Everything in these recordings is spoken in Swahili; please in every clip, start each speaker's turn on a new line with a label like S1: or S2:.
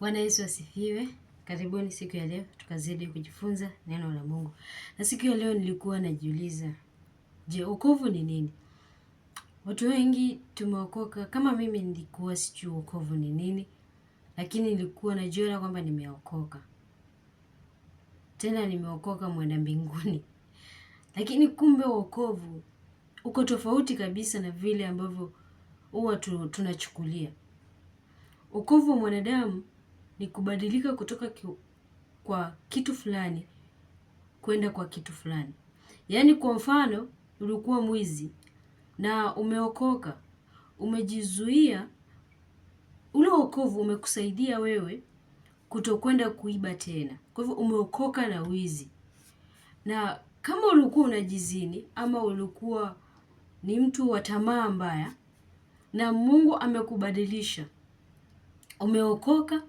S1: Bwana Yesu asifiwe. Karibuni siku ya leo tukazidi kujifunza neno la Mungu. Na siku ya leo nilikuwa najiuliza, je, wokovu ni nini? Watu wengi tumeokoka, kama mimi nilikuwa sijui wokovu ni nini, lakini nilikuwa najiona kwamba nimeokoka, tena nimeokoka mwenda mbinguni. Lakini kumbe wokovu uko tofauti kabisa na vile ambavyo huwa tunachukulia. Wokovu wa mwanadamu ni kubadilika kutoka kwa kitu fulani kwenda kwa kitu fulani. Yaani kwa mfano ulikuwa mwizi na umeokoka, umejizuia, ule wokovu umekusaidia wewe kutokwenda kuiba tena. Kwa hivyo umeokoka na wizi. Na kama ulikuwa unajizini ama ulikuwa ni mtu wa tamaa mbaya na Mungu amekubadilisha. Umeokoka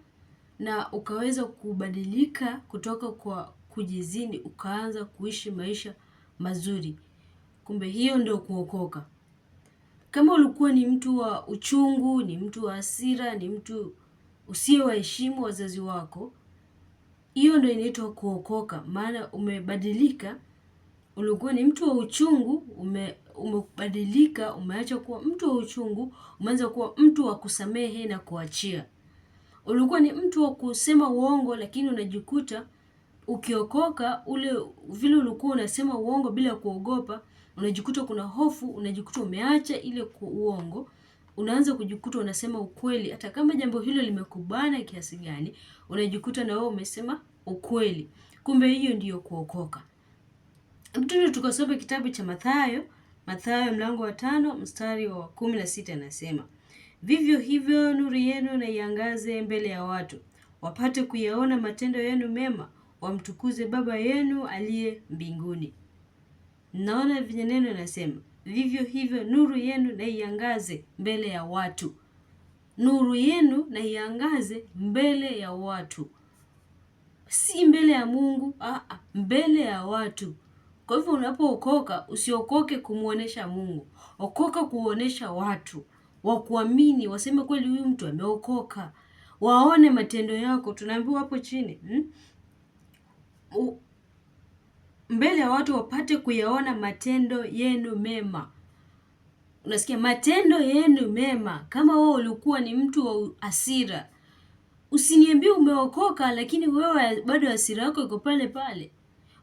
S1: na ukaweza kubadilika kutoka kwa kujizini ukaanza kuishi maisha mazuri. Kumbe hiyo ndio kuokoka. Kama ulikuwa ni mtu wa uchungu, ni mtu wa hasira, ni mtu usiyewaheshimu wazazi wako, hiyo ndio inaitwa kuokoka, maana umebadilika, ulikuwa ni mtu wa uchungu, umebadilika, umeacha kuwa mtu wa uchungu, umeanza kuwa mtu wa kusamehe na kuachia ulikuwa ni mtu wa kusema uongo, lakini unajikuta ukiokoka, ule vile ulikuwa unasema uongo bila kuogopa, unajikuta kuna hofu, unajikuta umeacha ile uongo, unaanza kujikuta unasema ukweli, hata kama jambo hilo limekubana kiasi gani, unajikuta na wewe umesema ukweli. Kumbe hiyo ndiyo kuokoka. Mtundo tukasoma kitabu cha Mathayo, Mathayo mlango wa tano mstari wa kumi na sita anasema Vivyo hivyo nuru yenu na iangaze mbele ya watu, wapate kuyaona matendo yenu mema, wamtukuze Baba yenu aliye mbinguni. Naona vyenye neno nasema vivyo hivyo nuru yenu na iangaze mbele ya watu, nuru yenu na iangaze mbele ya watu, si mbele ya Mungu. Aa, mbele ya watu. Kwa hivyo unapookoka usiokoke kumwonyesha Mungu, okoka kuonesha watu wa kuamini, waseme kweli huyu mtu ameokoka, waone matendo yako. Tunaambiwa hapo chini hmm? mbele ya watu wapate kuyaona matendo yenu mema. Unasikia, matendo yenu mema. Kama wewe ulikuwa ni mtu wa hasira, usiniambie umeokoka, lakini wewe bado hasira yako iko pale pale.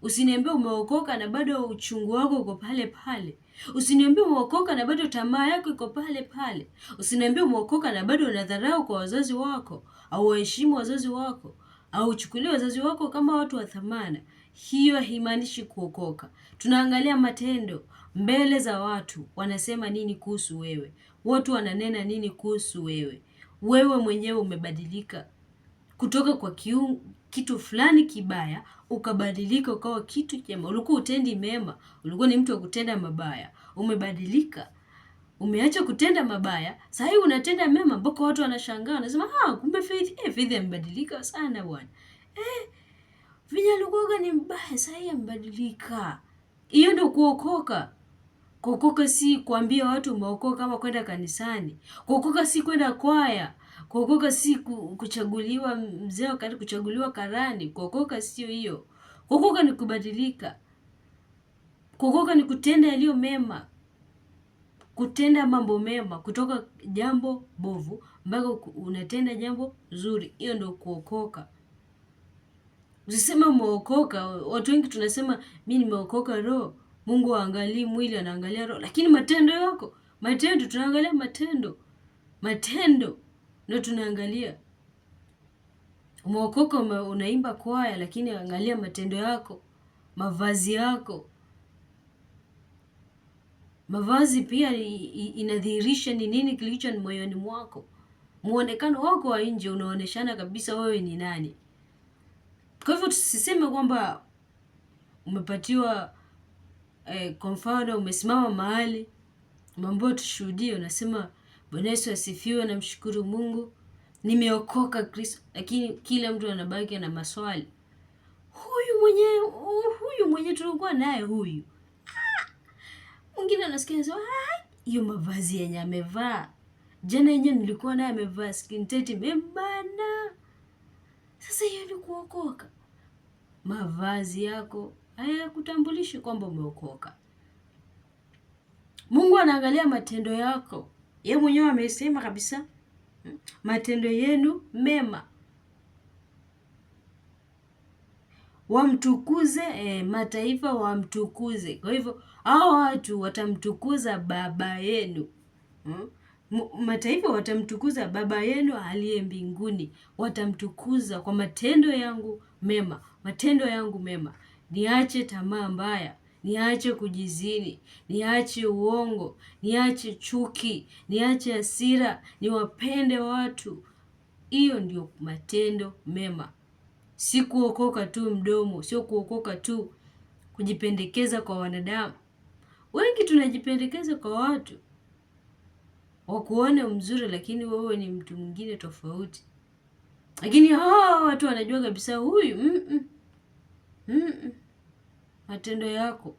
S1: Usiniambie umeokoka na bado uchungu wako uko pale pale. Usiniambie umeokoka na bado tamaa yako iko pale pale. Usiniambie umeokoka na bado unadharau kwa wazazi wako au waheshimu wazazi wako au uchukulie wazazi wako kama watu wa thamana. Hiyo haimaanishi kuokoka. Tunaangalia matendo mbele za watu, wanasema nini kuhusu wewe? Watu wananena nini kuhusu wewe? Wewe mwenyewe umebadilika kutoka kwa kiungu kitu fulani kibaya ukabadilika ukawa kitu chema. Ulikuwa utendi mema, ulikuwa ni mtu wa kutenda mabaya, umebadilika, umeacha kutenda mabaya, saa hii unatenda mema mpaka watu wanashangaa, wanasema ah, kumbe Faith eh, Faith amebadilika sana bwana eh, Vija alikuwa ni mbaya, saa hii amebadilika. Hiyo ndio kuokoka. Kuokoka si kuambia watu umeokoka kama kwenda kanisani. Kuokoka si kwenda kwaya. Kuokoka si kuchaguliwa mzee wakati kuchaguliwa karani. Kuokoka sio hiyo. Kuokoka ni kubadilika. Kuokoka ni kutenda yaliyo mema, kutenda mambo mema, kutoka jambo bovu mpaka unatenda jambo zuri. Hiyo ndo kuokoka. Usisema umeokoka. Watu wengi tunasema mi nimeokoka roho. Mungu waangalii mwili, anaangalia roho, lakini matendo yako, matendo tunaangalia matendo, matendo ndio tunaangalia. Umeokoka unaimba kwaya lakini angalia matendo yako, mavazi yako. Mavazi pia inadhihirisha ni nini kilicho ni moyoni mwako. Muonekano wako wa nje unaoneshana kabisa wewe ni nani. Kwa hivyo tusiseme kwamba umepatiwa eh, kwa mfano umesimama mahali mambo tushuhudie unasema Bwana Yesu asifiwe, namshukuru Mungu nimeokoka Kristo, lakini kila mtu anabaki na maswali. Huyu mwenye huyu mwenye tulikuwa naye huyu, mwingine anasikia anasema hiyo mavazi yenye amevaa jana yenye nilikuwa naye amevaa skin tight imebana. Sasa hiyo ni kuokoka? Mavazi yako hayakutambulishi kwamba umeokoka. Mungu anaangalia matendo yako. Yeye mwenyewe amesema kabisa, matendo yenu mema wamtukuze eh, mataifa wamtukuze. Kwa hivyo hao watu watamtukuza baba yenu hmm? Mataifa watamtukuza baba yenu aliye mbinguni, watamtukuza kwa matendo yangu mema, matendo yangu mema. Niache tamaa mbaya niache kujizini, niache uongo, niache chuki, niache hasira, niwapende watu. Hiyo ndio matendo mema, si kuokoka tu mdomo, sio kuokoka tu kujipendekeza kwa wanadamu. Wengi tunajipendekeza kwa watu wakuone mzuri, lakini wewe ni mtu mwingine tofauti. Lakini hawa watu wanajua kabisa huyu mm -mm. Mm -mm matendo yako.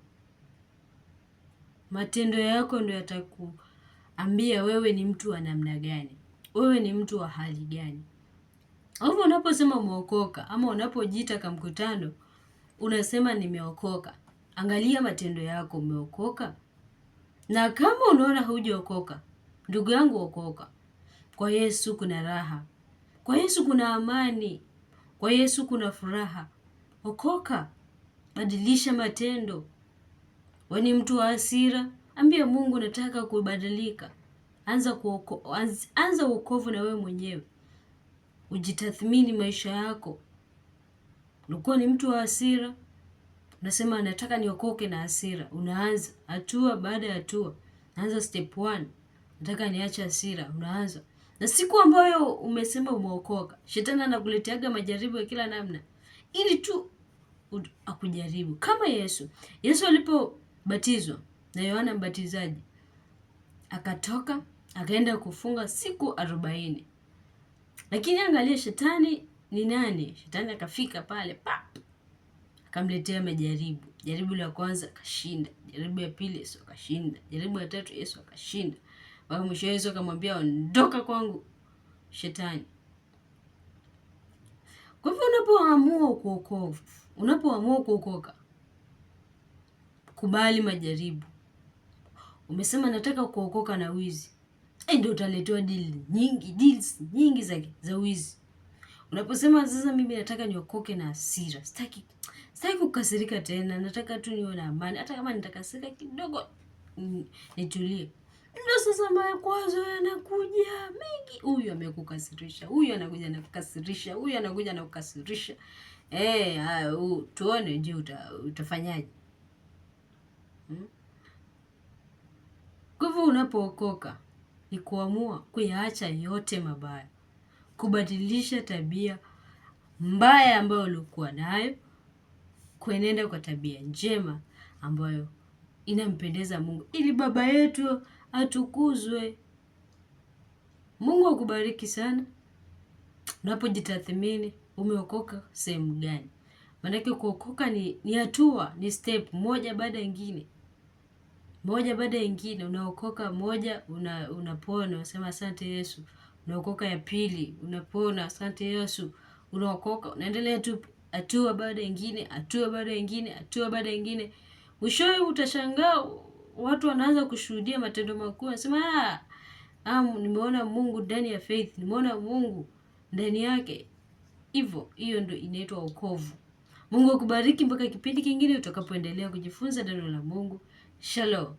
S1: Matendo yako ndio yatakuambia wewe ni mtu wa namna gani, wewe ni mtu wa hali gani. Hivyo unaposema umeokoka ama unapojiita ka mkutano unasema nimeokoka, angalia matendo yako, umeokoka. Na kama unaona hujaokoka, ndugu yangu, okoka. Kwa Yesu kuna raha, kwa Yesu kuna amani, kwa Yesu kuna furaha. Okoka badilisha matendo. We ni mtu wa hasira, ambia Mungu nataka kubadilika. Anza kuoko, anza uokovu na wewe mwenyewe, ujitathmini maisha yako. Ulikuwa ni mtu wa hasira, unasema nataka niokoke na hasira. Unaanza hatua baada ya hatua, naanza step one, nataka niache hasira. Unaanza na siku ambayo umesema umeokoka, shetani anakuleteaga majaribu ya kila namna ili tu akujaribu kama Yesu. Yesu alipobatizwa na Yohana Mbatizaji akatoka akaenda kufunga siku arobaini, lakini angalia shetani ni nani? Shetani akafika pale pap, akamletea majaribu. Jaribu la kwanza akashinda, jaribu ya pili Yesu akashinda, jaribu ya tatu Yesu akashinda, mpaka mwisho Yesu akamwambia ondoka kwangu shetani. Kwa hivyo unapoamua kuokovu Unapoamua kuokoka, kubali majaribu. Umesema nataka kuokoka na wizi, ndio utaletewa deal nyingi, deals nyingi za, za wizi. Unaposema sasa, mimi nataka niokoke na hasira, sitaki sitaki kukasirika tena, nataka tu niwe na amani, hata kama nitakasirika kidogo nitulie. Ndio sasa makwazo yanakuja mengi, huyu amekukasirisha, huyu anakuja kukasirisha, huyu anakuja kukasirisha. Eh, tuone je uta, utafanyaje? Hmm? Kwa hivyo unapookoka ni kuamua kuyaacha yote mabaya, kubadilisha tabia mbaya ambayo ulikuwa nayo, kuenenda kwa tabia njema ambayo inampendeza Mungu, ili Baba yetu atukuzwe. Mungu akubariki sana unapojitathmini umeokoka sehemu gani. Maanake kuokoka ni, ni hatua, ni step moja baada ingine moja baada ingine. Unaokoka moja, una, unapona unasema asante Yesu. Unaokoka ya pili, unapona asante Yesu. Unaokoka unaendelea tu hatua baada ingine, hatua baada ingine, hatua baada ingine, mwishowe utashangaa watu wanaanza kushuhudia matendo makuu, anasema ah, ah, nimeona Mungu ndani ya faith, nimeona Mungu ndani yake. Hivyo hiyo ndio inaitwa wokovu. Mungu akubariki mpaka kipindi kingine utakapoendelea kujifunza neno la Mungu. Shalom.